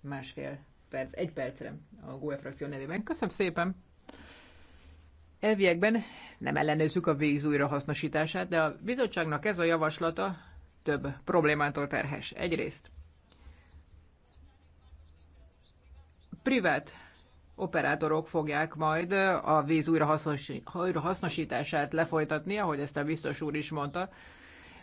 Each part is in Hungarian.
másfél perc, egy percre a GUE frakció nevében. Köszönöm szépen! Elviekben nem ellenőrzük a víz újrahasznosítását, de a bizottságnak ez a javaslata több problémától terhes. Egyrészt privát operátorok fogják majd a víz újrahasznosítását lefolytatni, ahogy ezt a biztos úr is mondta.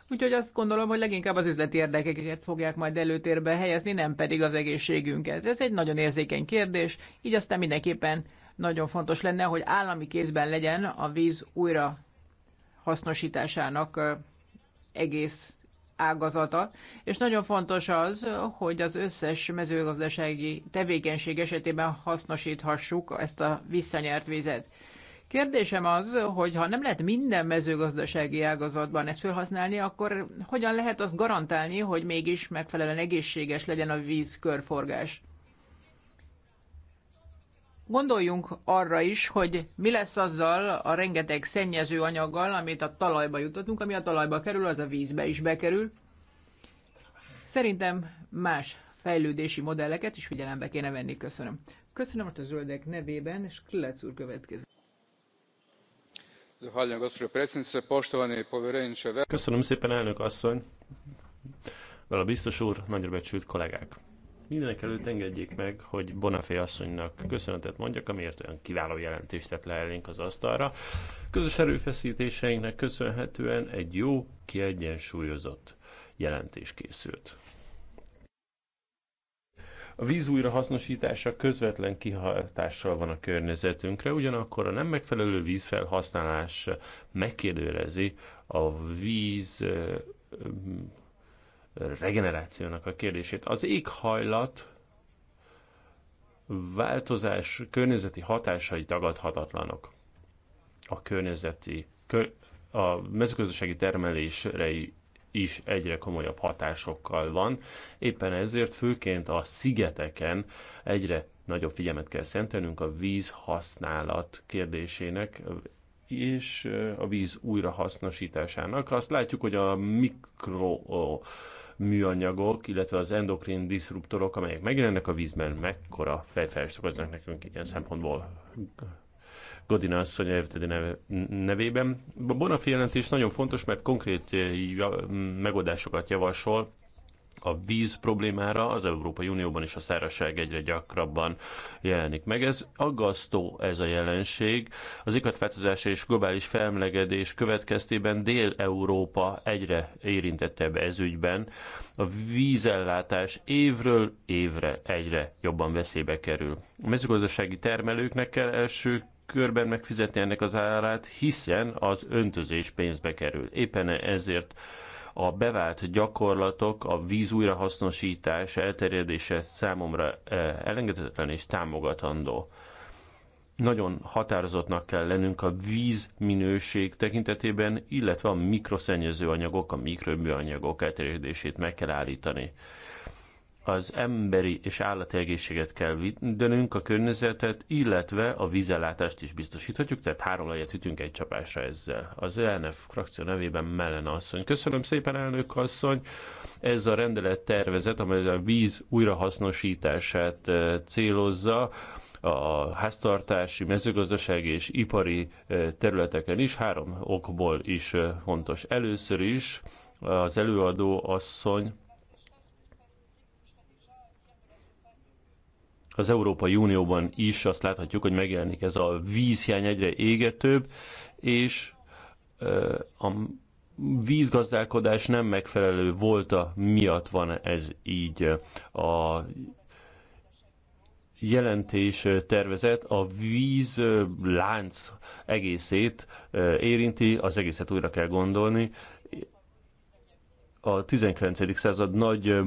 Úgyhogy azt gondolom, hogy leginkább az üzleti érdekeket fogják majd előtérbe helyezni, nem pedig az egészségünket. Ez egy nagyon érzékeny kérdés, így aztán mindenképpen nagyon fontos lenne, hogy állami kézben legyen a víz újra hasznosításának egész ágazata, és nagyon fontos az, hogy az összes mezőgazdasági tevékenység esetében hasznosíthassuk ezt a visszanyert vizet. Kérdésem az, hogy ha nem lehet minden mezőgazdasági ágazatban ezt felhasználni, akkor hogyan lehet azt garantálni, hogy mégis megfelelően egészséges legyen a víz körforgás? Gondoljunk arra is, hogy mi lesz azzal a rengeteg szennyező anyaggal, amit a talajba jutatunk, ami a talajba kerül, az a vízbe is bekerül. Szerintem más fejlődési modelleket is figyelembe kéne venni. Köszönöm. Köszönöm hogy a zöldek nevében, és Kletz úr következik. Köszönöm szépen, elnök asszony! Vel a biztos úr, nagyra becsült kollégák! Mindenek előtt engedjék meg, hogy Bonafé asszonynak köszönetet mondjak, amiért olyan kiváló jelentést tett le elénk az asztalra. Közös erőfeszítéseinknek köszönhetően egy jó, kiegyensúlyozott jelentés készült. A víz újrahasznosítása közvetlen kihatással van a környezetünkre, ugyanakkor a nem megfelelő vízfelhasználás megkérdőjelezi a víz regenerációnak a kérdését. Az éghajlat változás környezeti hatásai tagadhatatlanok. A környezeti, a mezőgazdasági termelésre is egyre komolyabb hatásokkal van. Éppen ezért főként a szigeteken egyre nagyobb figyelmet kell szentelnünk a víz használat kérdésének, és a víz újrahasznosításának. Azt látjuk, hogy a mikro műanyagok, illetve az endokrin diszruptorok, amelyek megjelennek a vízben, mekkora fejfájást okoznak nekünk ilyen szempontból Godina asszony elvetedi nevében. A Bonafi jelentés nagyon fontos, mert konkrét eh, megoldásokat javasol a víz problémára az Európai Unióban is a szárazság egyre gyakrabban jelenik meg. Ez aggasztó ez a jelenség. Az ikatváltozás és globális felmelegedés következtében Dél-Európa egyre érintettebb ezügyben. A vízellátás évről évre egyre jobban veszélybe kerül. A mezőgazdasági termelőknek kell első körben megfizetni ennek az árát, hiszen az öntözés pénzbe kerül. Éppen ezért a bevált gyakorlatok, a víz újrahasznosítás, elterjedése számomra eh, elengedhetetlen és támogatandó. Nagyon határozottnak kell lennünk a víz minőség tekintetében, illetve a mikroszennyező anyagok, a mikroműanyagok elterjedését meg kell állítani az emberi és állati egészséget kell védenünk, a környezetet, illetve a vízellátást is biztosíthatjuk, tehát három legyet ütünk egy csapásra ezzel. Az ELNF frakció nevében Mellen asszony. Köszönöm szépen, elnök asszony! Ez a rendelet tervezet, amely a víz újrahasznosítását eh, célozza, a háztartási, mezőgazdasági és ipari eh, területeken is, három okból is eh, fontos. Először is az előadó asszony az Európai Unióban is azt láthatjuk, hogy megjelenik ez a vízhiány egyre égetőbb, és a vízgazdálkodás nem megfelelő volta miatt van ez így. A jelentés tervezet a víz lánc egészét érinti, az egészet újra kell gondolni, a 19. század nagy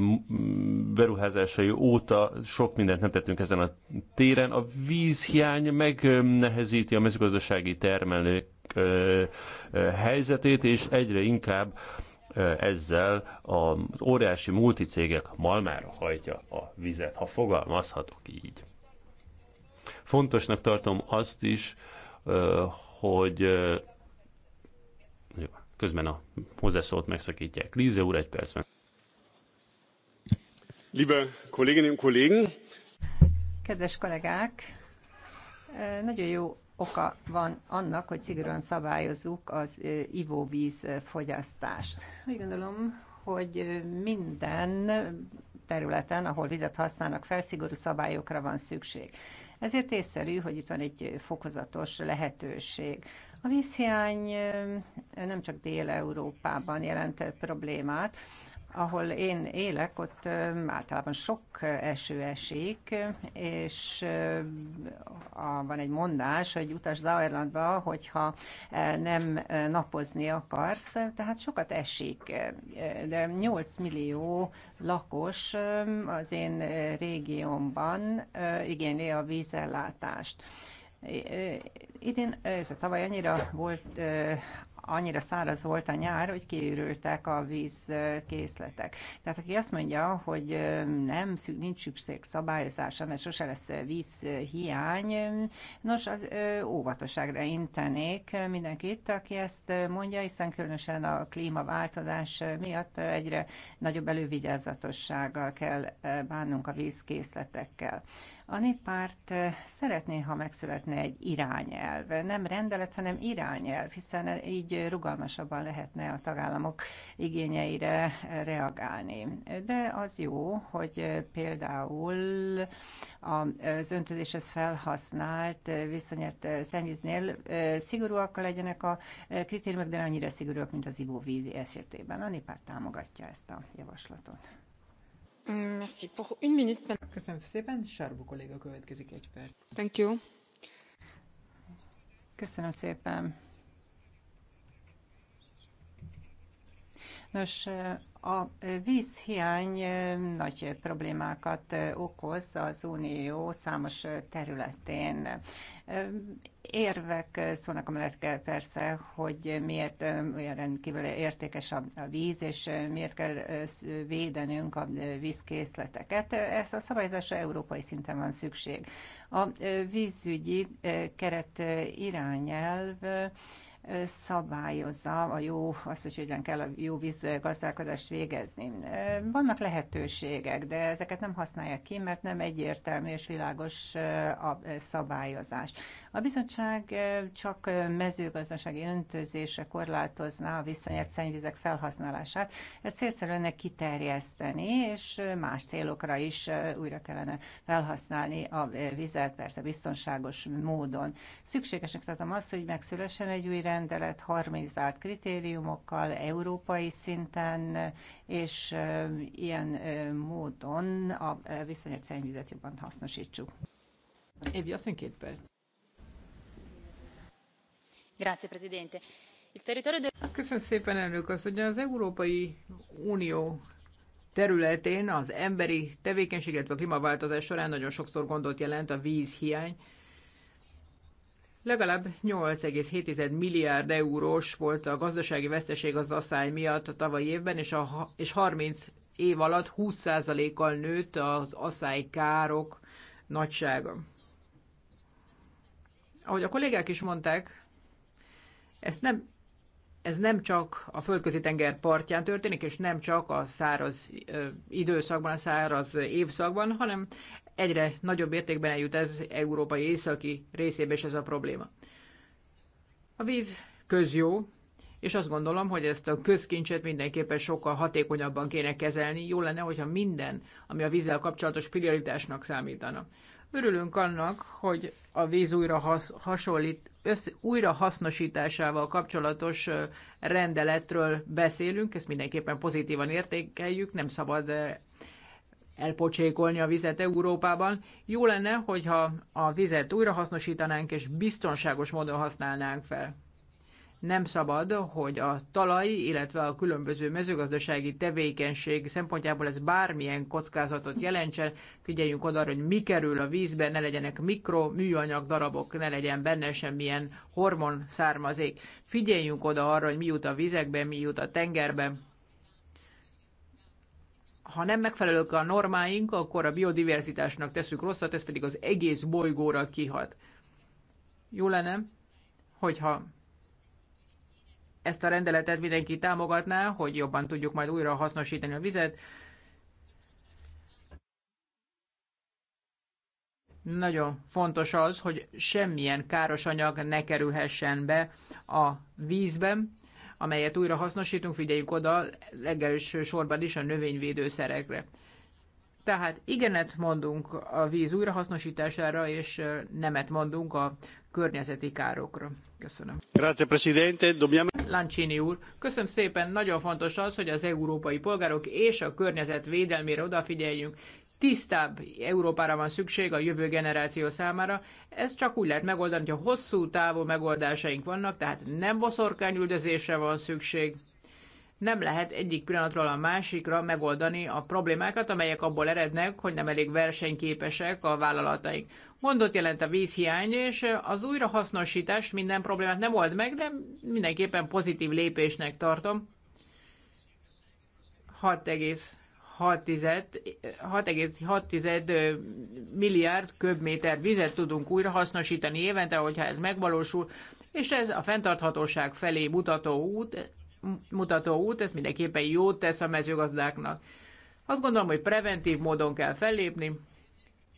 beruházásai óta sok mindent nem tettünk ezen a téren. A vízhiány megnehezíti a mezőgazdasági termelők helyzetét, és egyre inkább ezzel az óriási multicégek malmára hajtja a vizet, ha fogalmazhatok így. Fontosnak tartom azt is, hogy jó Közben a hozzászólt megszakítják. Líze úr, egy percben. Liebe Kolleginnen und Kollegen! Kedves kollégák! Nagyon jó oka van annak, hogy szigorúan szabályozzuk az ivóvíz fogyasztást. Úgy gondolom, hogy minden területen, ahol vizet használnak fel, szigorú szabályokra van szükség. Ezért észszerű, hogy itt van egy fokozatos lehetőség. A vízhiány nem csak Dél-Európában jelent problémát, ahol én élek, ott általában sok eső esik, és van egy mondás, hogy utas Zajlandba, hogyha nem napozni akarsz, tehát sokat esik, de 8 millió lakos az én régiómban igényli a vízellátást. Idén, és tavaly annyira volt annyira száraz volt a nyár, hogy kiürültek a vízkészletek. Tehát aki azt mondja, hogy nem, nincs szükség szabályozásra, mert sose lesz vízhiány, nos, az óvatosságra intenék mindenkit, aki ezt mondja, hiszen különösen a klímaváltozás miatt egyre nagyobb elővigyázatossággal kell bánnunk a vízkészletekkel. A néppárt eh, szeretné, ha megszületne egy irányelv, nem rendelet, hanem irányelv, hiszen így rugalmasabban lehetne a tagállamok igényeire reagálni. De az jó, hogy eh, például az öntözéshez felhasznált eh, visszanyert szennyvíznél szigorúak legyenek a kritériumok, de annyira szigorúak, mint az ivóvíz esetében. A néppárt támogatja ezt a javaslatot. Merci pour une minute. Köszönöm szépen, Sarbu kolléga következik egy perc. Thank you. Köszönöm szépen. Nos, a vízhiány nagy problémákat okoz az Unió számos területén. Érvek szólnak amellett persze, hogy miért olyan rendkívül értékes a víz, és miért kell védenünk a vízkészleteket. Ez a szabályozásra európai szinten van szükség. A vízügyi keret irányelv szabályozza a jó, azt, hogy hogyan kell a jó vízgazdálkodást végezni. Vannak lehetőségek, de ezeket nem használják ki, mert nem egyértelmű és világos a szabályozás. A bizottság csak mezőgazdasági öntözésre korlátozná a visszanyert szennyvizek felhasználását. Ezt szélszerűen kiterjeszteni, és más célokra is újra kellene felhasználni a vizet, persze biztonságos módon. Szükségesnek tartom azt, hogy megszülessen egy újra rendelet harmonizált kritériumokkal európai szinten, és ilyen módon a viszonyat szennyvizet jobban hasznosítsuk. Évi, azt két perc. Grazie, Presidente. Hát köszönöm szépen, elnök az, hogy az Európai Unió területén az emberi tevékenység, illetve a klímaváltozás során nagyon sokszor gondot jelent a vízhiány. Legalább 8,7 milliárd eurós volt a gazdasági veszteség az asszály miatt a tavalyi évben, és, a, és 30 év alatt 20%-kal nőtt az asszály károk nagysága. Ahogy a kollégák is mondták, ezt nem, ez nem csak a földközi tenger partján történik, és nem csak a száraz időszakban, a száraz évszakban, hanem egyre nagyobb értékben eljut ez európai északi részébe, és ez a probléma. A víz közjó, és azt gondolom, hogy ezt a közkincset mindenképpen sokkal hatékonyabban kéne kezelni. Jó lenne, hogyha minden, ami a vízzel kapcsolatos prioritásnak számítana. Örülünk annak, hogy a víz újra has, hasonlít, össze, újra hasznosításával kapcsolatos rendeletről beszélünk, ezt mindenképpen pozitívan értékeljük, nem szabad elpocsékolni a vizet Európában. Jó lenne, hogyha a vizet újrahasznosítanánk és biztonságos módon használnánk fel. Nem szabad, hogy a talaj, illetve a különböző mezőgazdasági tevékenység szempontjából ez bármilyen kockázatot jelentsen. Figyeljünk oda, hogy mi kerül a vízbe, ne legyenek mikro műanyag darabok, ne legyen benne semmilyen hormon származék. Figyeljünk oda arra, hogy mi jut a vizekbe, mi jut a tengerbe ha nem megfelelők a normáink, akkor a biodiverzitásnak teszük rosszat, ez pedig az egész bolygóra kihat. Jó lenne, hogyha ezt a rendeletet mindenki támogatná, hogy jobban tudjuk majd újra hasznosítani a vizet. Nagyon fontos az, hogy semmilyen káros anyag ne kerülhessen be a vízben, amelyet újra hasznosítunk, figyeljük oda legelső sorban is a növényvédőszerekre. Tehát igenet mondunk a víz újrahasznosítására, és nemet mondunk a környezeti károkra. Köszönöm. Grazie, Presidente. Dobbiamo... Lancini úr, köszönöm szépen. Nagyon fontos az, hogy az európai polgárok és a környezet védelmére odafigyeljünk tisztább Európára van szükség a jövő generáció számára. Ez csak úgy lehet megoldani, hogyha hosszú távú megoldásaink vannak, tehát nem boszorkányüldözésre van szükség, nem lehet egyik pillanatról a másikra megoldani a problémákat, amelyek abból erednek, hogy nem elég versenyképesek a vállalataink. Gondot jelent a vízhiány, és az újrahasznosítás minden problémát nem old meg, de mindenképpen pozitív lépésnek tartom. 6,6 milliárd köbméter vizet tudunk újra hasznosítani évente, hogyha ez megvalósul, és ez a fenntarthatóság felé mutató út, mutató út, ez mindenképpen jót tesz a mezőgazdáknak. Azt gondolom, hogy preventív módon kell fellépni,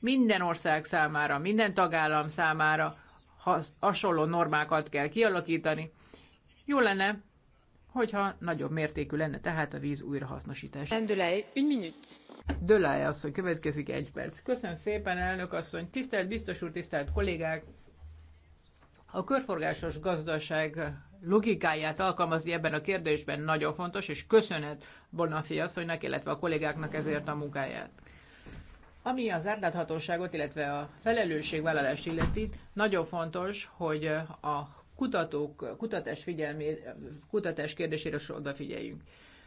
minden ország számára, minden tagállam számára hasonló normákat kell kialakítani. Jó lenne, hogyha nagyobb mértékű lenne tehát a víz újrahasznosítás. Dölej, egy minut. Dölej asszony, következik egy perc. Köszönöm szépen, elnök asszony. Tisztelt biztos úr, tisztelt kollégák! A körforgásos gazdaság logikáját alkalmazni ebben a kérdésben nagyon fontos, és köszönet Bonafi asszonynak, illetve a kollégáknak ezért a munkáját. Ami az átláthatóságot, illetve a felelősségvállalást illeti, nagyon fontos, hogy a kutatók, kutatás, figyelmé, kutatás kérdésére odafigyeljünk.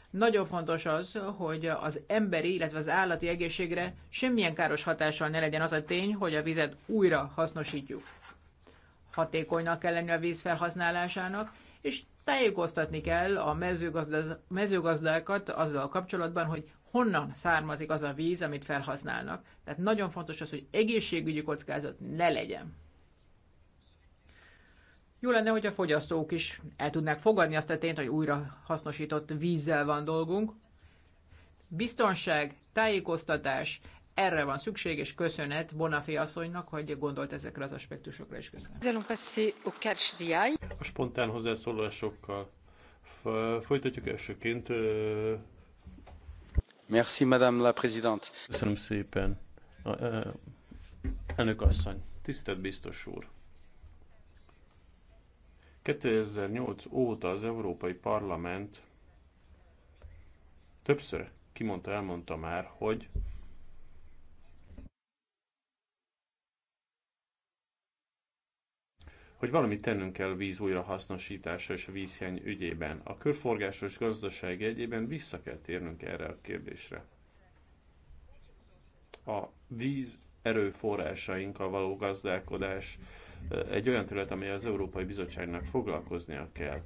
Nagyon fontos az, hogy az emberi, illetve az állati egészségre semmilyen káros hatással ne legyen az a tény, hogy a vizet újra hasznosítjuk. Hatékonynak kell lenni a víz felhasználásának, és tájékoztatni kell a mezőgazda, mezőgazdákat azzal kapcsolatban, hogy honnan származik az a víz, amit felhasználnak. Tehát nagyon fontos az, hogy egészségügyi kockázat ne legyen. Jó lenne, hogy a fogyasztók is el tudnák fogadni azt a tényt, hogy újra hasznosított vízzel van dolgunk. Biztonság, tájékoztatás, erre van szükség, és köszönet Bonafé asszonynak, hogy gondolt ezekre az aspektusokra is. Köszönöm. A spontán hozzászólásokkal folytatjuk elsőként. Merci, Madame la Présidente. Köszönöm szépen. Elnök asszony, tisztelt biztos úr. 2008 óta az Európai Parlament többször kimondta, elmondta már, hogy hogy valamit tennünk kell a víz újrahasznosítása és a vízhiány ügyében. A körforgásos gazdaság egyében vissza kell térnünk erre a kérdésre. A víz erőforrásainkkal való gazdálkodás egy olyan terület, amely az Európai Bizottságnak foglalkoznia kell.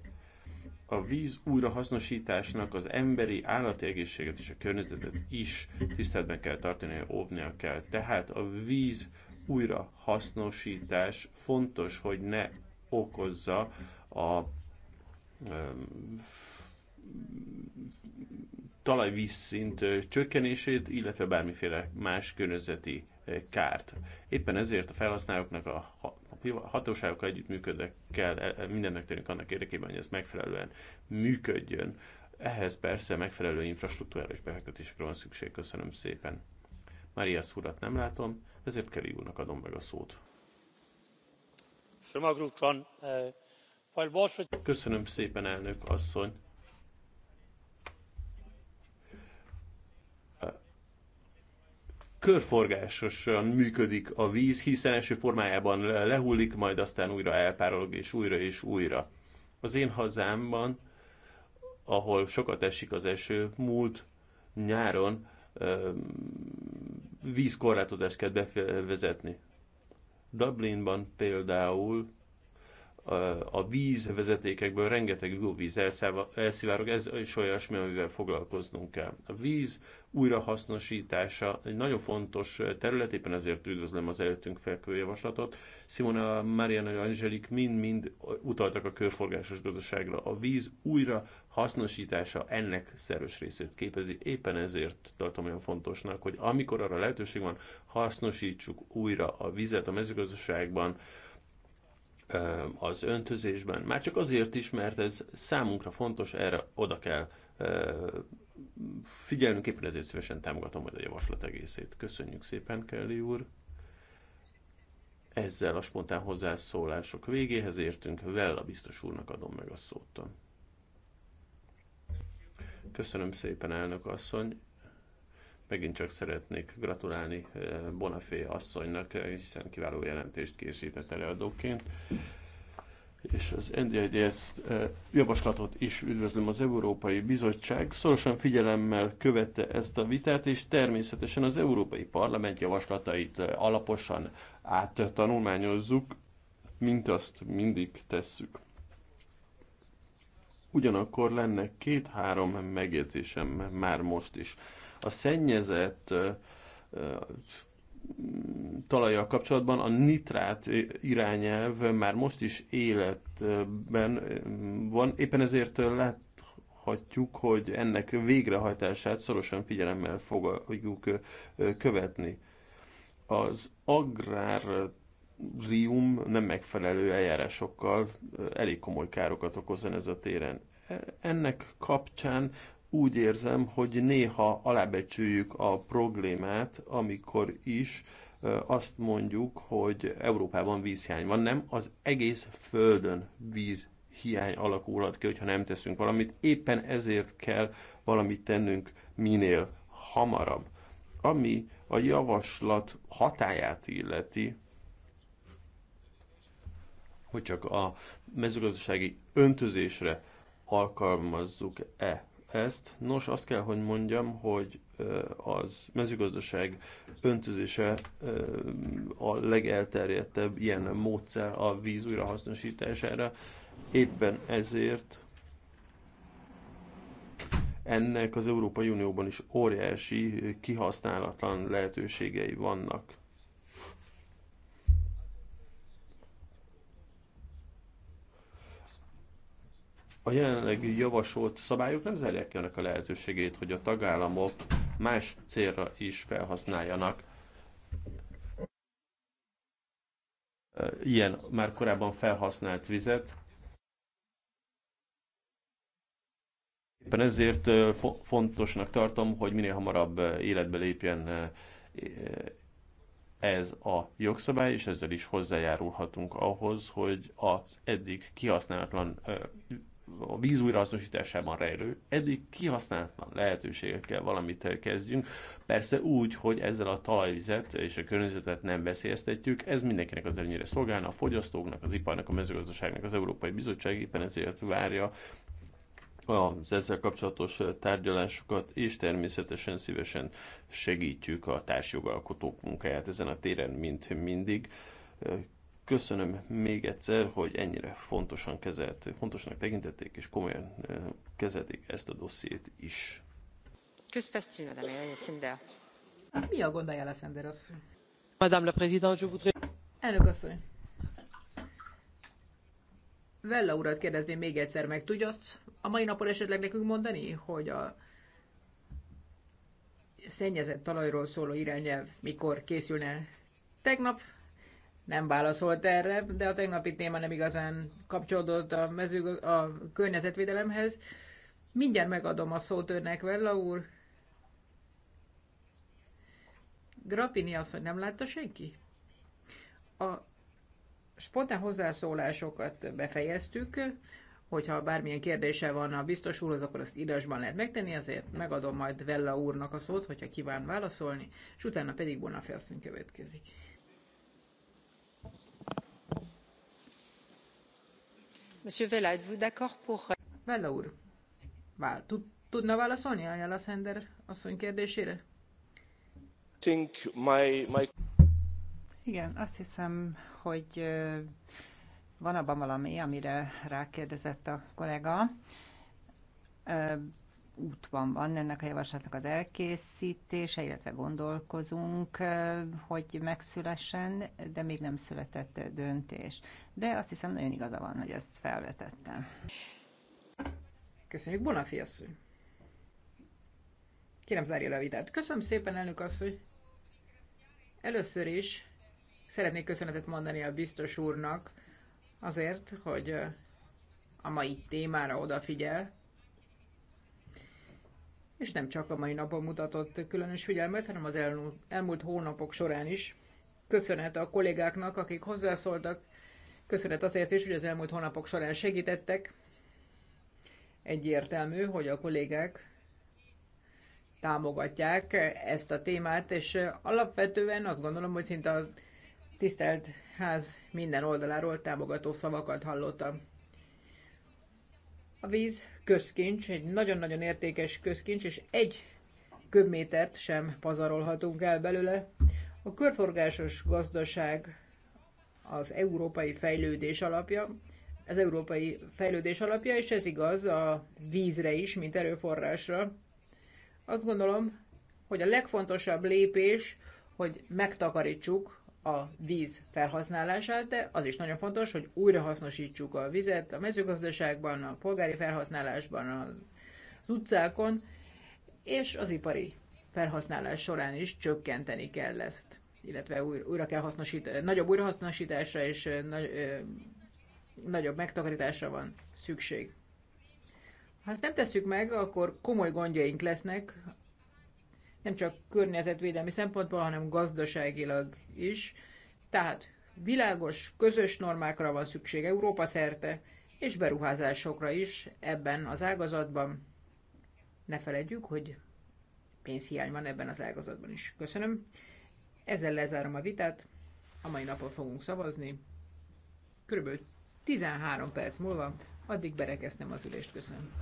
A víz újrahasznosításnak az emberi, állati egészséget és a környezetet is tiszteletben kell tartani, óvnia kell. Tehát a víz újrahasznosítás fontos, hogy ne okozza a talajvízszint csökkenését, illetve bármiféle más környezeti kárt. Éppen ezért a felhasználóknak a a hatóságokkal együttműködve kell e, e, minden megtennünk annak érdekében, hogy ez megfelelően működjön. Ehhez persze megfelelő infrastruktúrális befektetésekre van szükség. Köszönöm szépen. Maria urat nem látom, ezért Keri úrnak adom meg a szót. Eh, Köszönöm szépen, elnök asszony körforgásosan működik a víz, hiszen első formájában lehullik, majd aztán újra elpárolog, és újra és újra. Az én hazámban, ahol sokat esik az eső, múlt nyáron vízkorlátozást kell bevezetni. Dublinban például a vízvezetékekből rengeteg ivóvíz elszivárog, ez is olyasmi, amivel foglalkoznunk kell. A víz újrahasznosítása egy nagyon fontos terület, éppen ezért üdvözlöm az előttünk felkő javaslatot. Simona, Mariana, Angelik mind-mind utaltak a körforgásos gazdaságra. A víz újrahasznosítása ennek szerves részét képezi, éppen ezért tartom olyan fontosnak, hogy amikor arra lehetőség van, hasznosítsuk újra a vizet a mezőgazdaságban, az öntözésben. Már csak azért is, mert ez számunkra fontos, erre oda kell figyelnünk, éppen ezért szívesen támogatom majd a javaslat egészét. Köszönjük szépen, Kelly úr! Ezzel a spontán hozzászólások végéhez értünk, Vella biztos úrnak adom meg a szót. Köszönöm szépen, elnök asszony. Megint csak szeretnék gratulálni eh, Bonafé asszonynak, eh, hiszen kiváló jelentést készített előadóként és az NDIDS eh, javaslatot is üdvözlöm az Európai Bizottság. Szorosan figyelemmel követte ezt a vitát, és természetesen az Európai Parlament javaslatait alaposan áttanulmányozzuk, mint azt mindig tesszük. Ugyanakkor lenne két-három megjegyzésem már most is. A szennyezett talajjal kapcsolatban a nitrát irányelv már most is életben van, éppen ezért láthatjuk, hogy ennek végrehajtását szorosan figyelemmel fogjuk követni. Az agrárium nem megfelelő eljárásokkal elég komoly károkat okoz ez a téren. E-, ennek kapcsán úgy érzem, hogy néha alábecsüljük a problémát, amikor is azt mondjuk, hogy Európában vízhiány van, nem az egész földön víz hiány alakulhat ki, hogyha nem teszünk valamit. Éppen ezért kell valamit tennünk minél hamarabb. Ami a javaslat hatáját illeti, hogy csak a mezőgazdasági öntözésre alkalmazzuk-e ezt. Nos, azt kell, hogy mondjam, hogy az mezőgazdaság öntözése a legelterjedtebb ilyen módszer a víz újrahasznosítására. Éppen ezért ennek az Európai Unióban is óriási kihasználatlan lehetőségei vannak. a jelenleg javasolt szabályok nem zárják ki annak a lehetőségét, hogy a tagállamok más célra is felhasználjanak ilyen már korábban felhasznált vizet. Éppen ezért fontosnak tartom, hogy minél hamarabb életbe lépjen ez a jogszabály, és ezzel is hozzájárulhatunk ahhoz, hogy az eddig kihasználatlan a víz újrahasznosításában rejlő eddig kihasználatlan lehetőségekkel valamit kezdjünk. Persze úgy, hogy ezzel a talajvizet és a környezetet nem veszélyeztetjük, ez mindenkinek az előnyére szolgálna, a fogyasztóknak, az iparnak, a mezőgazdaságnak, az Európai Bizottság éppen ezért várja az ezzel kapcsolatos tárgyalásokat, és természetesen szívesen segítjük a társjogalkotók munkáját ezen a téren, mint mindig Köszönöm még egyszer, hogy ennyire fontosan kezelt, fontosnak tekintették és komolyan eh, kezelték ezt a dossziét is. Mi a gond a Szender asszony? Madame la Présidente, je voudrais... Elnök asszony. Vella urat kérdezném még egyszer meg. Tudja azt a mai napon esetleg nekünk mondani, hogy a szennyezett talajról szóló irányelv mikor készülne? Tegnap nem válaszolt erre, de a tegnapi téma nem igazán kapcsolódott a, mező, a környezetvédelemhez. Mindjárt megadom a szót önnek, Vella úr. Grappini azt, hogy nem látta senki? A spontán hozzászólásokat befejeztük, hogyha bármilyen kérdése van a biztos úrhoz, akkor ezt írásban lehet megtenni, Azért megadom majd Vella úrnak a szót, hogyha kíván válaszolni, és utána pedig Bonafé asszony következik. Monsieur Vela, êtes-vous d'accord pour... Euh, Vela úr, vál, tud, tudna válaszolni asszony kérdésére? Think my, my... Igen, azt hiszem, hogy van abban valami, amire rákérdezett a kollega útban van ennek a javaslatnak az elkészítése, illetve gondolkozunk, hogy megszülessen, de még nem született döntés. De azt hiszem, nagyon igaza van, hogy ezt felvetettem. Köszönjük, Bonafi asszony! Kérem, zárja le a vitát. Köszönöm szépen, elnök asszony! Először is szeretnék köszönetet mondani a biztos úrnak azért, hogy a mai témára odafigyel, és nem csak a mai napon mutatott különös figyelmet, hanem az elmúlt, elmúlt hónapok során is. Köszönet a kollégáknak, akik hozzászóltak, köszönet azért is, hogy az elmúlt hónapok során segítettek. Egyértelmű, hogy a kollégák támogatják ezt a témát, és alapvetően azt gondolom, hogy szinte a tisztelt ház minden oldaláról támogató szavakat hallottam. A víz közkincs, egy nagyon-nagyon értékes közkincs, és egy köbmétert sem pazarolhatunk el belőle. A körforgásos gazdaság az európai fejlődés alapja, az európai fejlődés alapja, és ez igaz a vízre is, mint erőforrásra. Azt gondolom, hogy a legfontosabb lépés, hogy megtakarítsuk a víz felhasználását, de az is nagyon fontos, hogy újrahasznosítsuk a vizet a mezőgazdaságban, a polgári felhasználásban, az utcákon, és az ipari felhasználás során is csökkenteni kell ezt, illetve újra kell hasznosítani, nagyobb újrahasznosításra és nagyobb megtakarításra van szükség. Ha ezt nem tesszük meg, akkor komoly gondjaink lesznek nem csak környezetvédelmi szempontból, hanem gazdaságilag is. Tehát világos, közös normákra van szükség Európa szerte, és beruházásokra is ebben az ágazatban. Ne feledjük, hogy pénzhiány van ebben az ágazatban is. Köszönöm. Ezzel lezárom a vitát. A mai napon fogunk szavazni. Körülbelül 13 perc múlva, addig berekeztem az ülést. Köszönöm.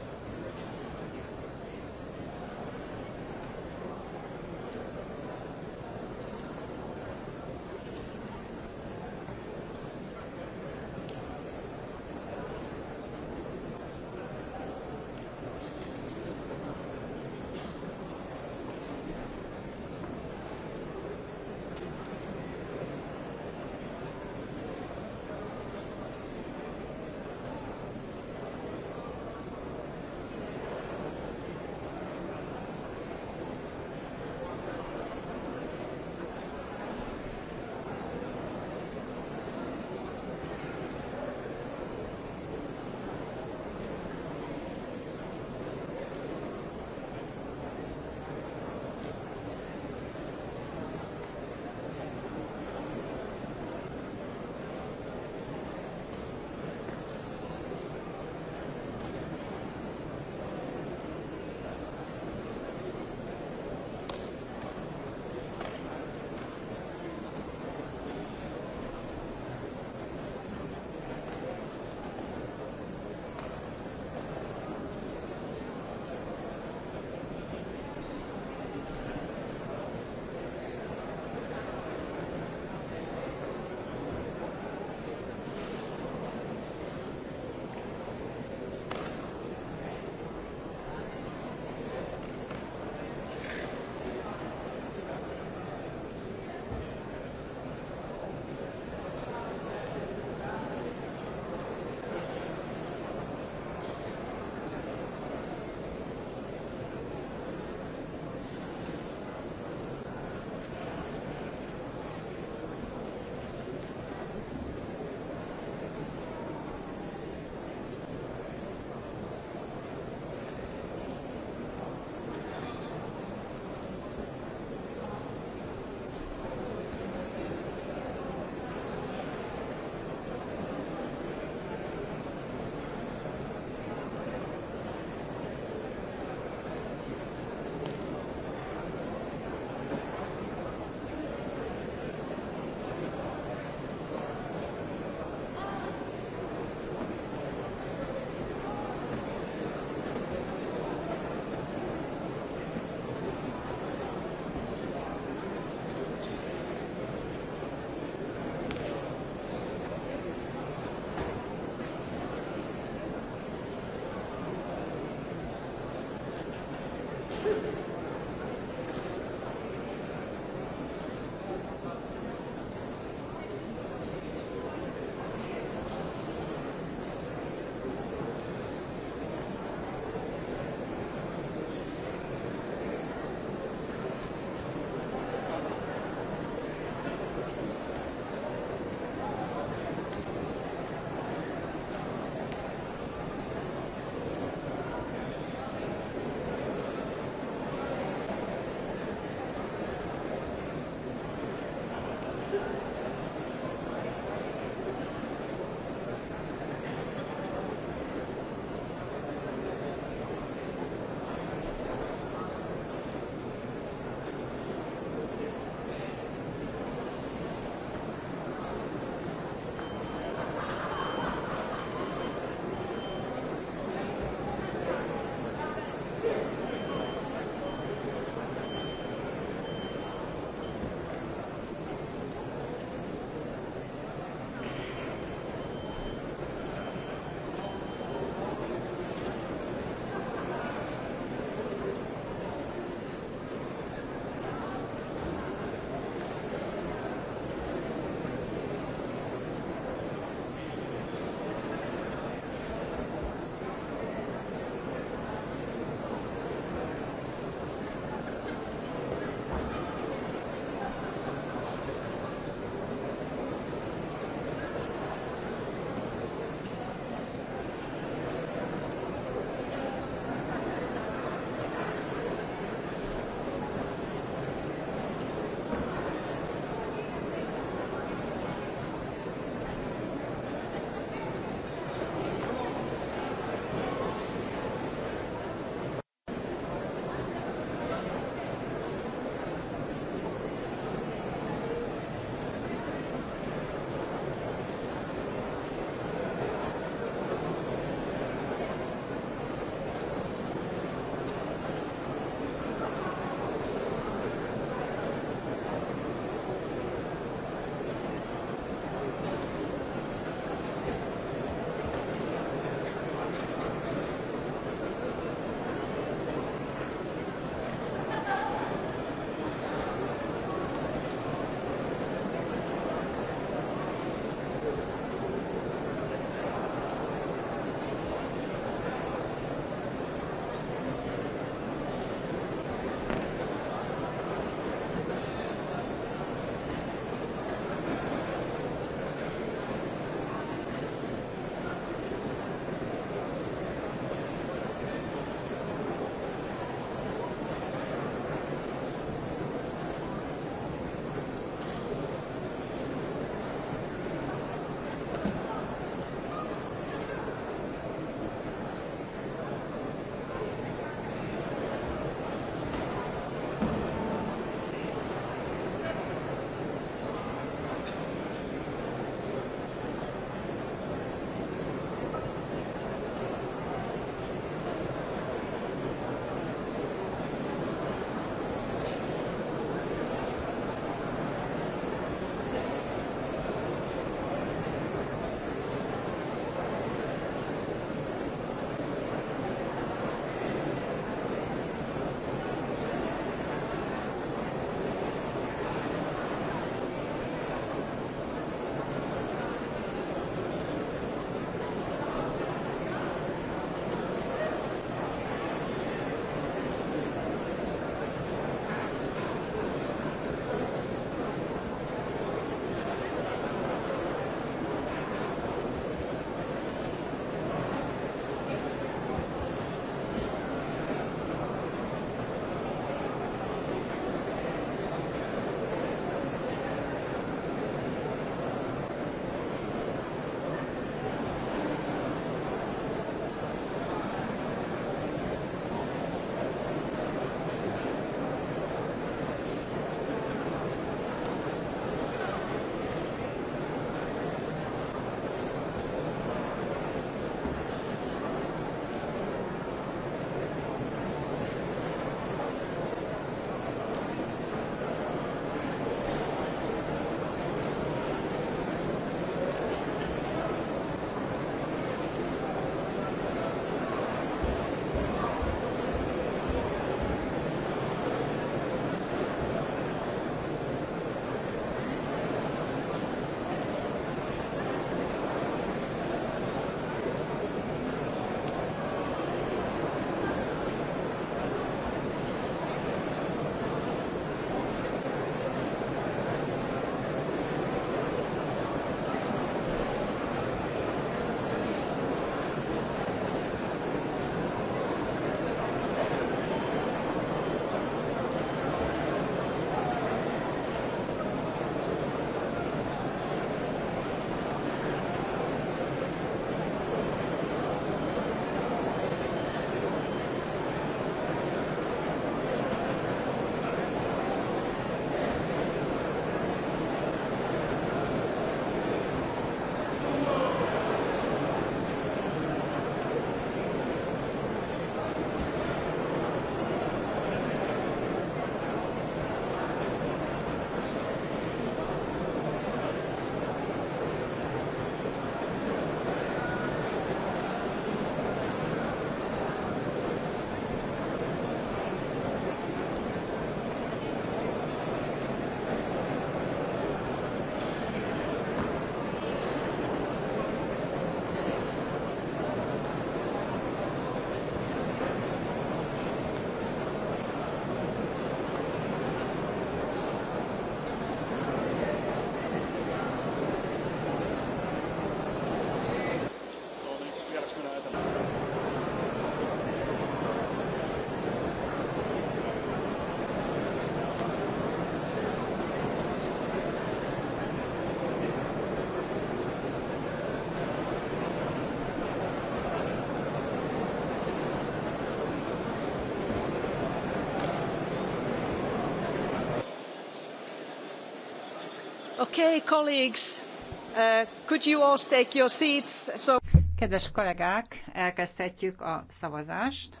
kedves kollégák elkezdhetjük a szavazást.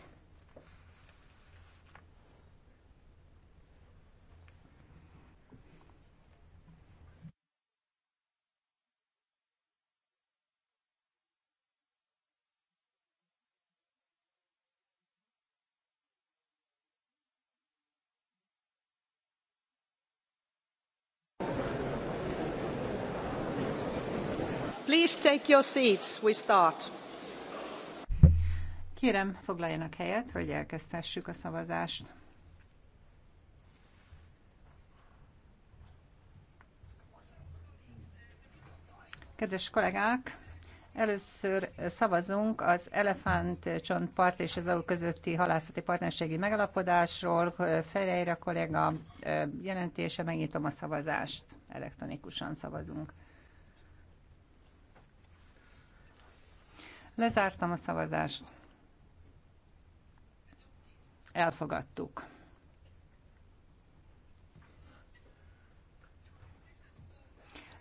Kérem, foglaljanak helyet, hogy elkezdhessük a szavazást. Kedves kollégák, Először szavazunk az Elefánt csontpart és az EU közötti halászati partnerségi megalapodásról. Ferreira kollega jelentése, megnyitom a szavazást. Elektronikusan szavazunk. Lezártam a szavazást. Elfogadtuk.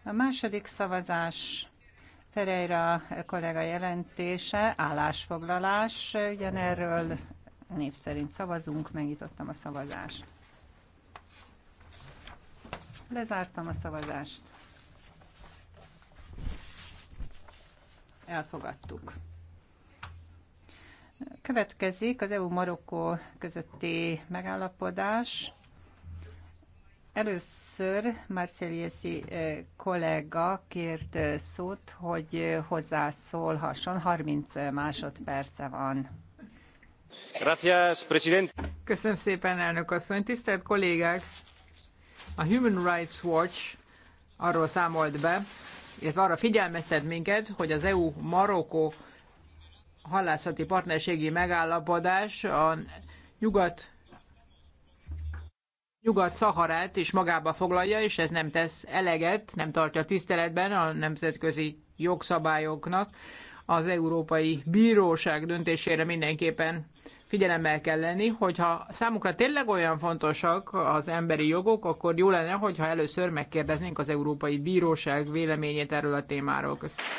A második szavazás Ferejra kollega jelentése, állásfoglalás, ugyanerről név szerint szavazunk, megnyitottam a szavazást. Lezártam a szavazást. elfogadtuk. Következik az EU-Marokkó közötti megállapodás. Először Marceliesi eh, kollega kért eh, szót, hogy eh, hozzászólhasson. 30 másodperce van. Gracias, president. Köszönöm szépen, elnök asszony. Tisztelt kollégák! A Human Rights Watch arról számolt be, illetve arra figyelmeztet minket, hogy az EU-Marokkó halászati partnerségi megállapodás a nyugat Nyugat-Szaharát is magába foglalja, és ez nem tesz eleget, nem tartja tiszteletben a nemzetközi jogszabályoknak az Európai Bíróság döntésére mindenképpen figyelemmel kell lenni, hogyha számukra tényleg olyan fontosak az emberi jogok, akkor jó lenne, hogyha először megkérdeznénk az Európai Bíróság véleményét erről a témáról. Köszönöm.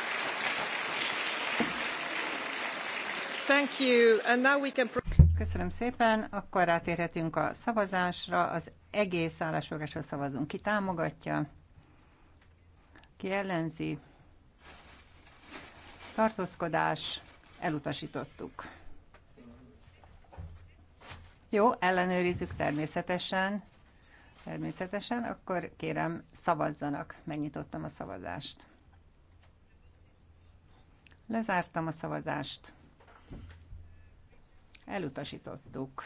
Thank you. And now we can... Köszönöm szépen, akkor rátérhetünk a szavazásra. Az egész állásfogásról szavazunk. Ki támogatja? Ki ellenzi? tartózkodás, elutasítottuk. Jó, ellenőrizzük természetesen. Természetesen, akkor kérem szavazzanak. Megnyitottam a szavazást. Lezártam a szavazást. Elutasítottuk.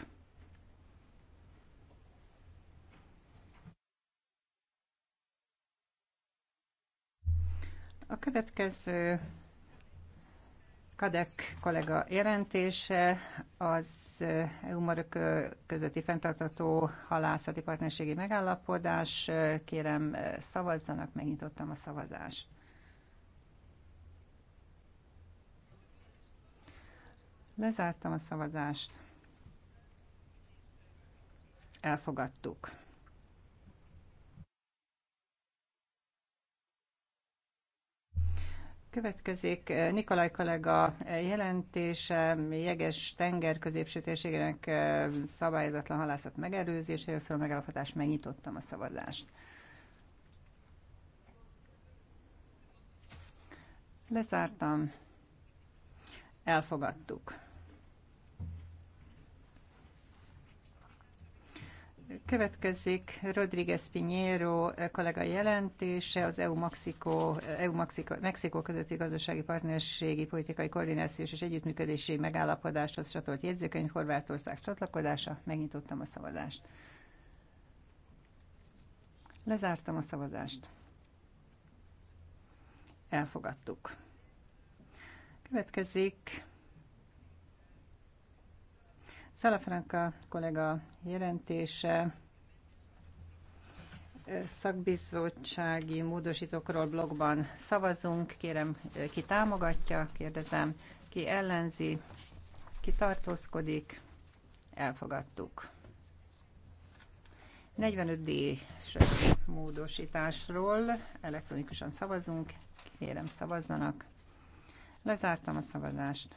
A következő Kadek kollega jelentése az EU-marok közötti fenntartató halászati partnerségi megállapodás. Kérem szavazzanak, megnyitottam a szavazást. Lezártam a szavazást. Elfogadtuk. Következik eh, Nikolaj kollega jelentése, jeges tenger középső térségének eh, szabályozatlan halászat és a megállapodás, megnyitottam a szavazást. Lezártam, elfogadtuk. Következik Rodríguez Pinheiro kollega jelentése az EU-Mexikó EU -Mexikó, Mexikó közötti gazdasági partnerségi politikai koordinációs és együttműködési megállapodáshoz csatolt jegyzőkönyv Horvátország csatlakozása. Megnyitottam a szavazást. Lezártam a szavazást. Elfogadtuk. Következik Szalafranka kollega jelentése szakbizottsági módosítókról blogban szavazunk. Kérem, ki támogatja, kérdezem, ki ellenzi, ki tartózkodik. Elfogadtuk. 45D módosításról elektronikusan szavazunk. Kérem, szavazzanak. Lezártam a szavazást.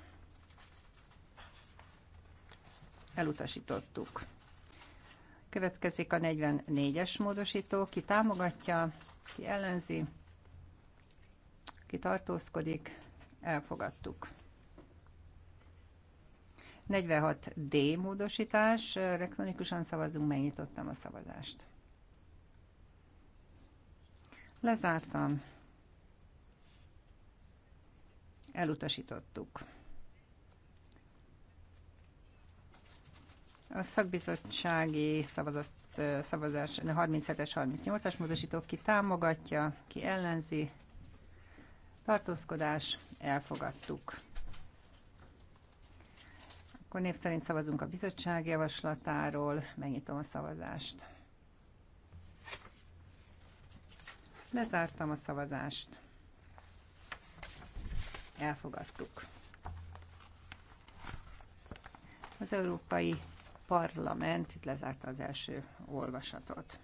elutasítottuk. Következik a 44-es módosító, ki támogatja, ki ellenzi, ki tartózkodik, elfogadtuk. 46D módosítás, elektronikusan szavazunk, megnyitottam a szavazást. Lezártam. Elutasítottuk. A szakbizottsági szavazat, szavazás 37-es, 38-as módosító ki támogatja, ki ellenzi. Tartózkodás, elfogadtuk. Akkor név szerint szavazunk a bizottság javaslatáról. Megnyitom a szavazást. Lezártam a szavazást. Elfogadtuk. Az Európai parlament itt lezárta az első olvasatot.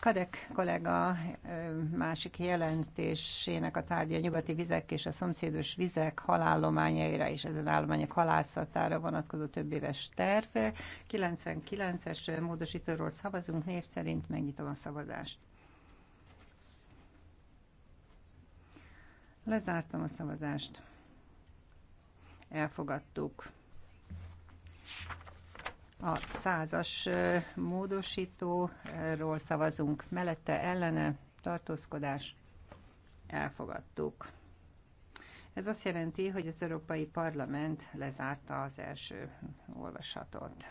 Kadek kollega másik jelentésének a tárgya a nyugati vizek és a szomszédos vizek halállományaira és ezen állományok halászatára vonatkozó több éves terv. 99-es módosítóról szavazunk, név szerint megnyitom a szavazást. Lezártam a szavazást elfogadtuk. A százas módosítóról szavazunk mellette, ellene, tartózkodás, elfogadtuk. Ez azt jelenti, hogy az Európai Parlament lezárta az első olvasatot.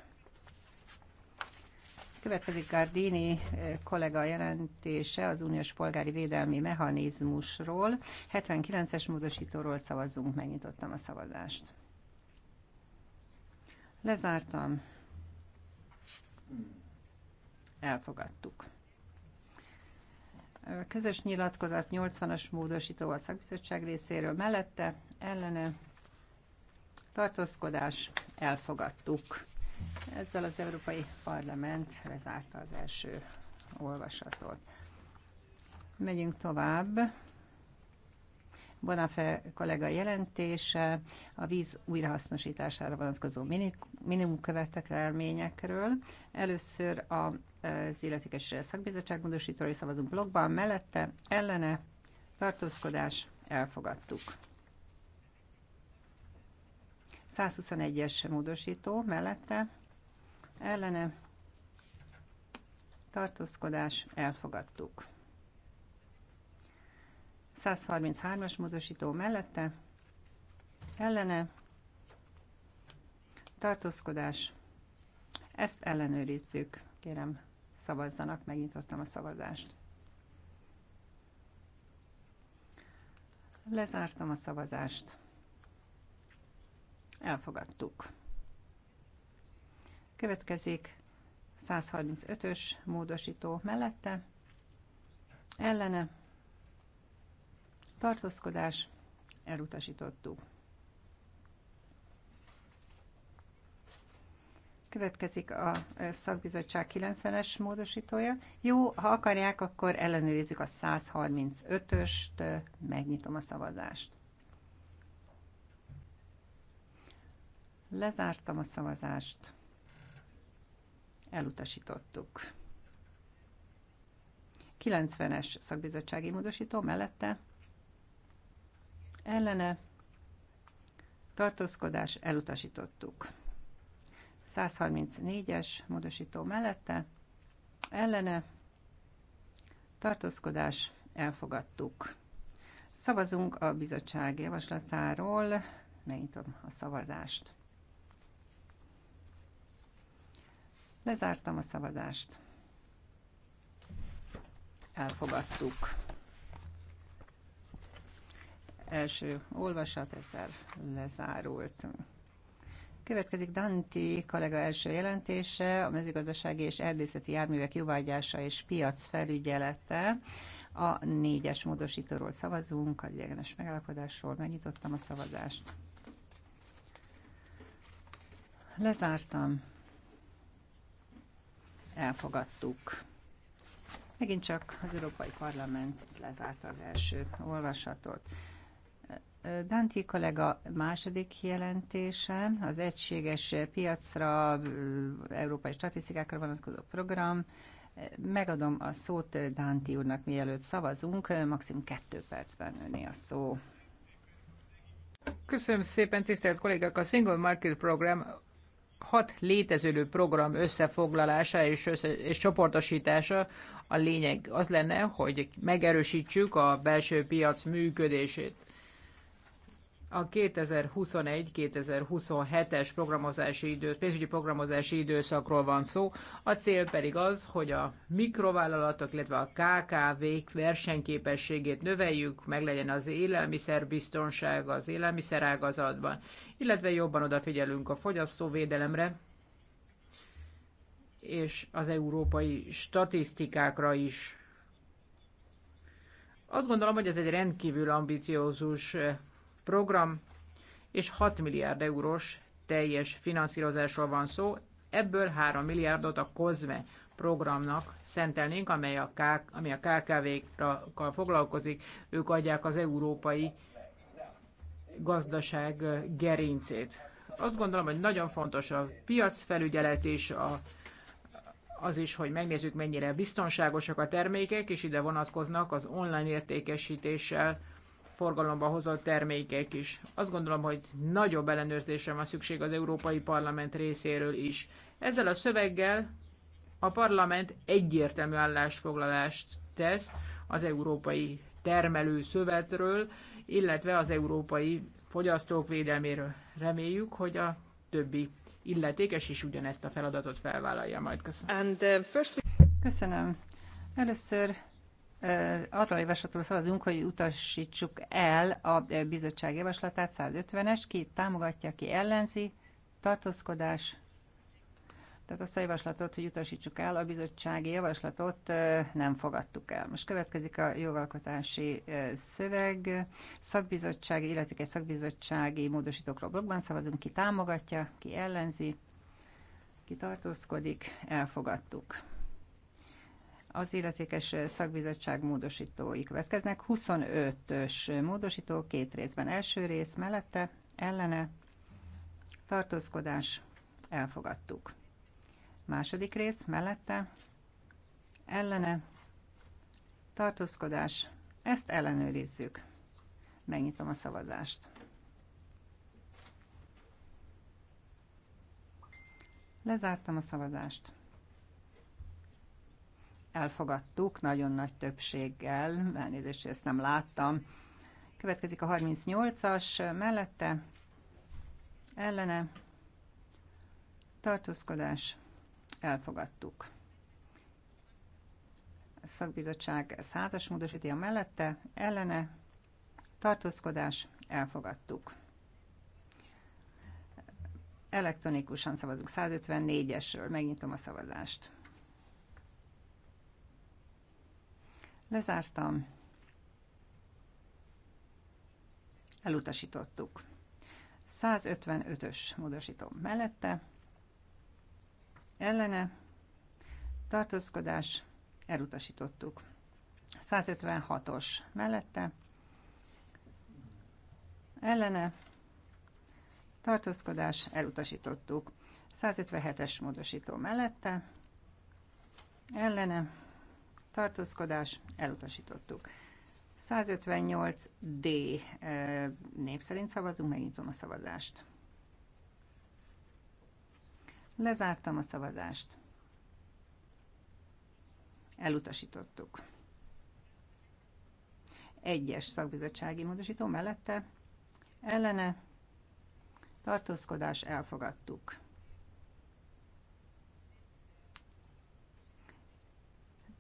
Következik Gardini eh, kollega jelentése az uniós polgári védelmi mechanizmusról. 79-es módosítóról szavazzunk, megnyitottam a szavazást. Lezártam. Elfogadtuk. Eh, közös nyilatkozat 80-as módosító a szakbizottság részéről mellette, ellene, tartózkodás, elfogadtuk. Ezzel az Európai Parlament lezárta az első olvasatot. Megyünk tovább. Bonafé kollega jelentése a víz újrahasznosítására vonatkozó követelményekről. Először az illetékes szakbizottság módosítói szavazunk blogban, mellette ellene tartózkodás elfogadtuk. 121-es módosító mellette ellene tartózkodás elfogadtuk. 133-as módosító mellette ellene tartózkodás. Ezt ellenőrizzük. Kérem, szavazzanak, megnyitottam a szavazást. Lezártam a szavazást. Elfogadtuk. Következik 135-ös módosító mellette. Ellene. Tartózkodás. Elutasítottuk. Következik a szakbizottság 90-es módosítója. Jó, ha akarják, akkor ellenőrizzük a 135-öst, megnyitom a szavazást. Lezártam a szavazást. Elutasítottuk. 90-es szakbizottsági módosító mellette ellene tartózkodás elutasítottuk. 134-es módosító mellette ellene tartózkodás elfogadtuk. Szavazunk a bizottság javaslatáról, megnyitom a szavazást. Lezártam a szavazást. Elfogadtuk. Első olvasat ezzel lezárult. Következik Danti kollega első jelentése, a mezőgazdasági és erdészeti járművek jóvágyása és piac felügyelete. A négyes módosítóról szavazunk, az idegenes megállapodásról megnyitottam a szavazást. Lezártam elfogadtuk. Megint csak az Európai Parlament lezárta az első olvasatot. Danti kollega második jelentése, az egységes piacra, európai statisztikákra vonatkozó program. Megadom a szót Danti úrnak, mielőtt szavazunk, maximum kettő percben öné a szó. Köszönöm szépen, tisztelt kollégák! A Single Market Program hat létezőlő program összefoglalása és, össze, és csoportosítása a lényeg az lenne, hogy megerősítsük a belső piac működését a 2021-2027-es programozási idő, pénzügyi programozási időszakról van szó. A cél pedig az, hogy a mikrovállalatok, illetve a KKV-k versenyképességét növeljük, meglegyen az élelmiszerbiztonság az élelmiszerágazatban, illetve jobban odafigyelünk a fogyasztóvédelemre, és az európai statisztikákra is. Azt gondolom, hogy ez egy rendkívül ambiciózus program, és 6 milliárd eurós teljes finanszírozásról van szó, ebből 3 milliárdot a COSME programnak szentelnénk, amely a, K, ami a KKV-kkal foglalkozik, ők adják az európai gazdaság gerincét. Azt gondolom, hogy nagyon fontos a piacfelügyelet és a, az is, hogy megnézzük, mennyire biztonságosak a termékek, és ide vonatkoznak az online értékesítéssel forgalomba hozott termékek is. Azt gondolom, hogy nagyobb ellenőrzésre van szükség az Európai Parlament részéről is. Ezzel a szöveggel a parlament egyértelmű állásfoglalást tesz az Európai Termelő Szövetről, illetve az Európai Fogyasztók Védelméről. Reméljük, hogy a többi illetékes is ugyanezt a feladatot felvállalja majd. Köszönöm. Uh, Köszönöm. Először arról javaslatról szavazunk, hogy utasítsuk el a bizottság javaslatát, 150-es, ki támogatja, ki ellenzi, tartózkodás, tehát azt a javaslatot, hogy utasítsuk el, a bizottsági javaslatot nem fogadtuk el. Most következik a jogalkotási szöveg. Szakbizottsági, egy szakbizottsági módosítókról blogban szavazunk, ki támogatja, ki ellenzi, ki tartózkodik, elfogadtuk. Az illetékes szakbizottság módosítói következnek. 25-ös módosító két részben. Első rész mellette, ellene, tartózkodás, elfogadtuk. Második rész mellette, ellene, tartózkodás, ezt ellenőrizzük. Megnyitom a szavazást. Lezártam a szavazást elfogadtuk nagyon nagy többséggel, elnézést, ezt nem láttam. Következik a 38-as mellette, ellene, tartózkodás, elfogadtuk. A szakbizottság százas a mellette, ellene, tartózkodás, elfogadtuk. Elektronikusan szavazunk 154-esről, megnyitom a szavazást. Lezártam. Elutasítottuk. 155-ös módosító mellette. Ellene. Tartózkodás. Elutasítottuk. 156-os mellette. Ellene. Tartózkodás. Elutasítottuk. 157-es módosító mellette. Ellene tartózkodás, elutasítottuk. 158D név szerint szavazunk, megnyitom a szavazást. Lezártam a szavazást. Elutasítottuk. Egyes szakbizottsági módosító mellette ellene tartózkodás elfogadtuk.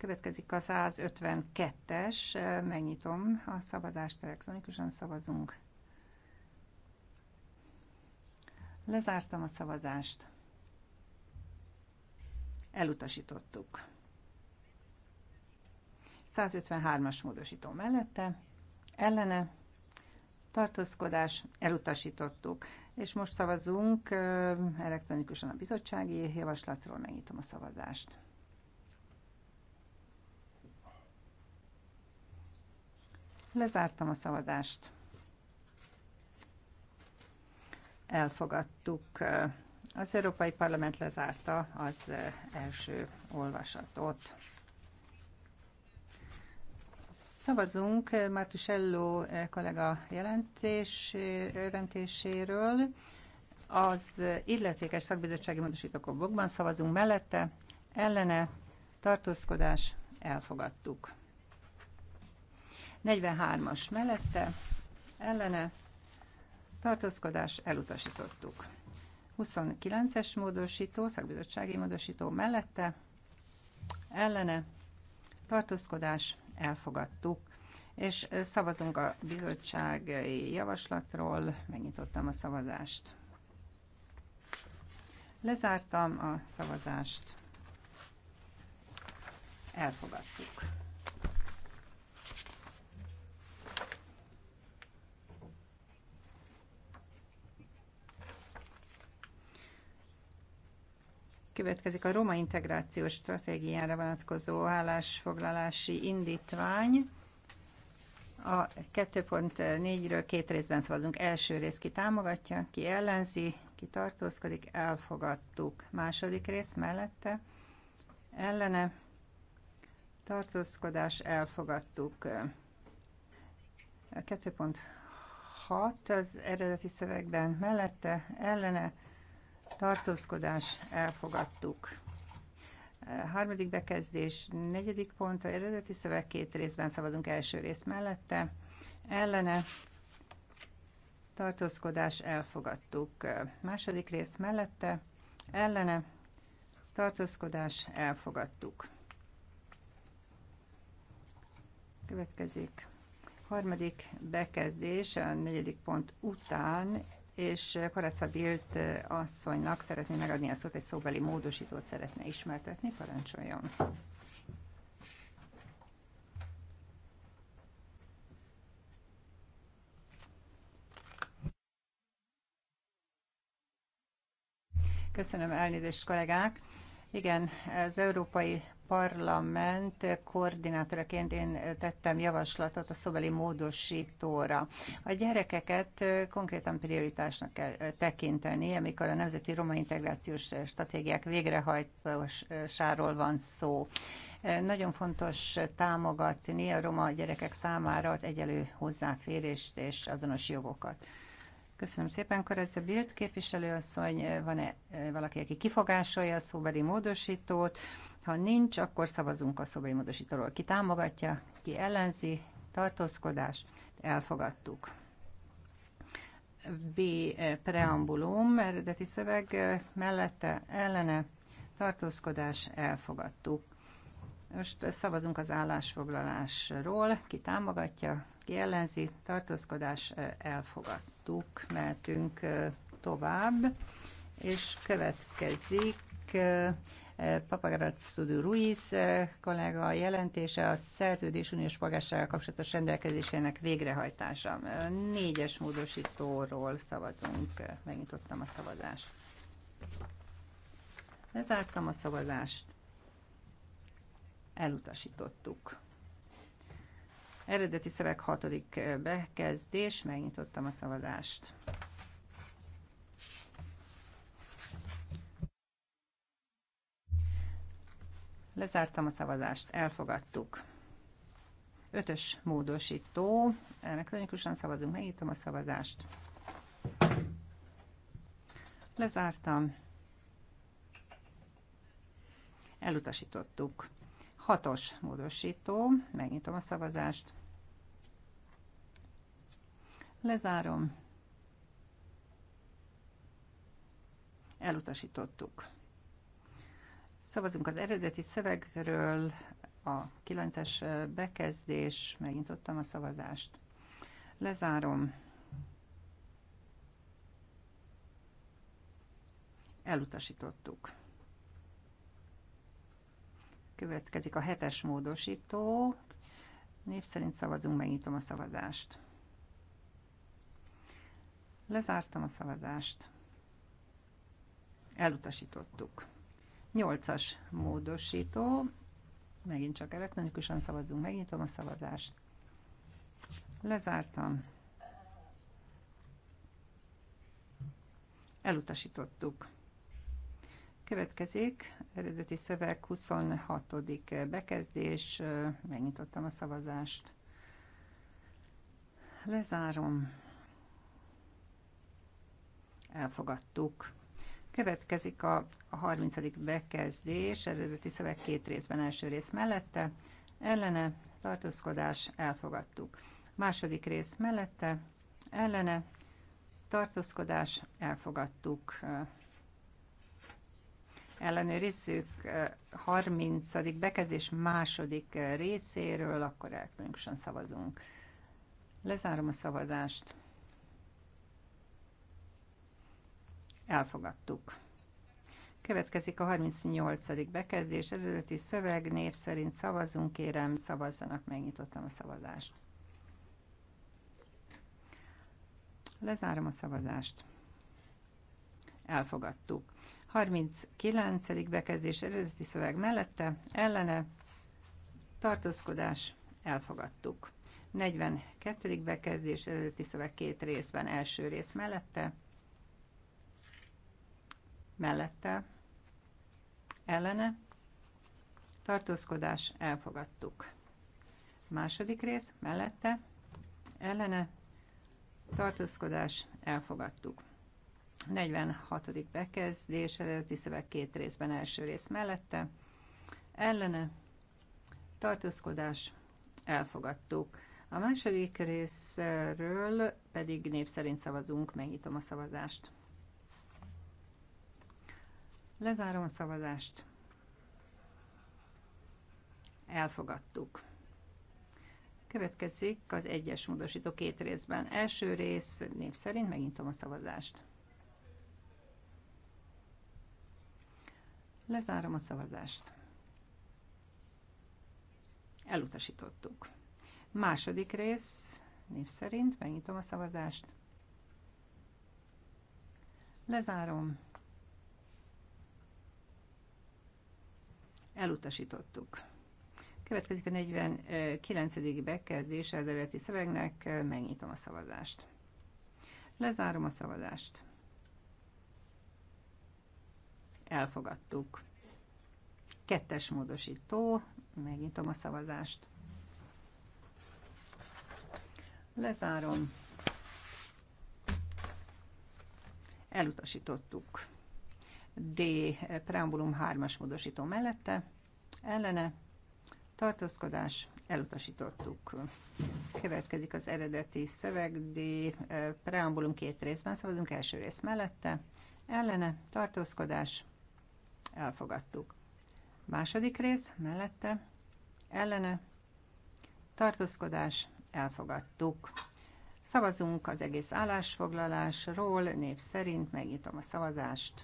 Következik a 152-es, megnyitom a szavazást, elektronikusan szavazunk. Lezártam a szavazást. Elutasítottuk. 153-as módosító mellette, ellene, tartózkodás, elutasítottuk. És most szavazunk elektronikusan a bizottsági javaslatról, megnyitom a szavazást. Lezártam a szavazást. Elfogadtuk. Az Európai Parlament lezárta az eh, első olvasatot. Szavazunk eh, Martusello eh, kollega jelentés, jelentéséről. Az illetékes szakbizottsági módosítókokban szavazunk mellette, ellene, tartózkodás, elfogadtuk. 43-as mellette, ellene, tartózkodás, elutasítottuk. 29-es módosító, szakbizottsági módosító mellette, ellene, tartózkodás, elfogadtuk. És szavazunk a bizottsági javaslatról, megnyitottam a szavazást. Lezártam a szavazást. Elfogadtuk. következik a roma integrációs stratégiára vonatkozó állásfoglalási indítvány. A 2.4-ről két részben szavazunk. Első rész ki támogatja, ki ellenzi, ki tartózkodik, elfogadtuk. Második rész mellette, ellene, tartózkodás, elfogadtuk. A 2.6 az eredeti szövegben mellette, ellene, tartózkodás elfogadtuk. Harmadik bekezdés, negyedik pont, a eredeti szöveg két részben szavazunk első rész mellette, ellene tartózkodás elfogadtuk. Második rész mellette, ellene tartózkodás elfogadtuk. Következik harmadik bekezdés, a negyedik pont után és Kareca Bilt eh, asszonynak szeretné megadni a szót, egy szóbeli módosítót szeretne ismertetni, parancsoljon. Köszönöm elnézést, kollégák. Igen, az Európai Parlament koordinátoraként én tettem javaslatot a szobeli módosítóra. A gyerekeket konkrétan prioritásnak kell tekinteni, amikor a Nemzeti Roma Integrációs Stratégiák végrehajtásáról van szó. Nagyon fontos támogatni a roma gyerekek számára az egyelő hozzáférést és azonos jogokat. Köszönöm szépen, Bild képviselő asszony. Van-e eh, valaki, aki kifogásolja a szóbeli módosítót? Ha nincs, akkor szavazunk a szóbeli módosítóról. Ki támogatja, ki ellenzi, tartózkodás, elfogadtuk. B. Eh, preambulum, eredeti szöveg eh, mellette, ellene, tartózkodás, elfogadtuk. Most szavazunk az állásfoglalásról, ki támogatja, ki ellenzi, tartózkodás elfogadtuk, mehetünk tovább, és következik Papagarac Tudú Ruiz kollega jelentése a szerződés uniós polgársággal kapcsolatos rendelkezésének végrehajtása. Négyes módosítóról szavazunk. Megnyitottam a szavazást. Lezártam a szavazást. Elutasítottuk. Eredeti szöveg hatodik bekezdés, megnyitottam a szavazást. Lezártam a szavazást, elfogadtuk. Ötös módosító, elektronikusan szavazunk, megnyitom a szavazást. Lezártam. Elutasítottuk. Hatos módosító, megnyitom a szavazást. Lezárom. Elutasítottuk. Szavazunk az eredeti szövegről, a 9-es bekezdés, megnyitottam a szavazást. Lezárom. Elutasítottuk. Következik a hetes módosító. Név szerint szavazunk, megnyitom a szavazást. Lezártam a szavazást. Elutasítottuk. Nyolcas módosító. Megint csak elektronikusan szavazunk, megnyitom a szavazást. Lezártam. Elutasítottuk. Következik eredeti szöveg 26. bekezdés. Megnyitottam a szavazást. Lezárom. Elfogadtuk. Következik a 30. bekezdés, eredeti szöveg két részben, első rész mellette, ellene, tartózkodás, elfogadtuk. Második rész mellette, ellene, tartózkodás, elfogadtuk ellenőrizzük 30. bekezdés második részéről, akkor elektronikusan szavazunk. Lezárom a szavazást. Elfogadtuk. Következik a 38. bekezdés, eredeti szöveg, név szerint szavazunk, kérem, szavazzanak, megnyitottam a szavazást. Lezárom a szavazást. Elfogadtuk. 39. bekezdés eredeti szöveg mellette, ellene, tartózkodás, elfogadtuk. 42. bekezdés eredeti szöveg két részben, első rész mellette, mellette, ellene, tartózkodás, elfogadtuk. Második rész, mellette, ellene, tartózkodás, elfogadtuk. 46. bekezdés, eredeti szöveg két részben, első rész mellette, ellene, tartózkodás, elfogadtuk. A második részről pedig név szerint szavazunk, megnyitom a szavazást. Lezárom a szavazást. Elfogadtuk. Következik az egyes módosító két részben. Első rész név szerint megnyitom a szavazást. Lezárom a szavazást. Elutasítottuk. Második rész, név szerint megnyitom a szavazást. Lezárom. Elutasítottuk. Következik a 49. bekezdés az eredeti szövegnek, megnyitom a szavazást. Lezárom a szavazást elfogadtuk. Kettes módosító, megnyitom a szavazást. Lezárom. Elutasítottuk. D. Preambulum 3-as módosító mellette, ellene, tartózkodás, elutasítottuk. Következik az eredeti szöveg, D. Preambulum két részben szavazunk, első rész mellette, ellene, tartózkodás, elfogadtuk. Második rész mellette ellene tartózkodás elfogadtuk. Szavazunk az egész állásfoglalásról, név szerint megnyitom a szavazást.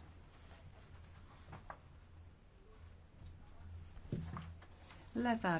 Lezárom.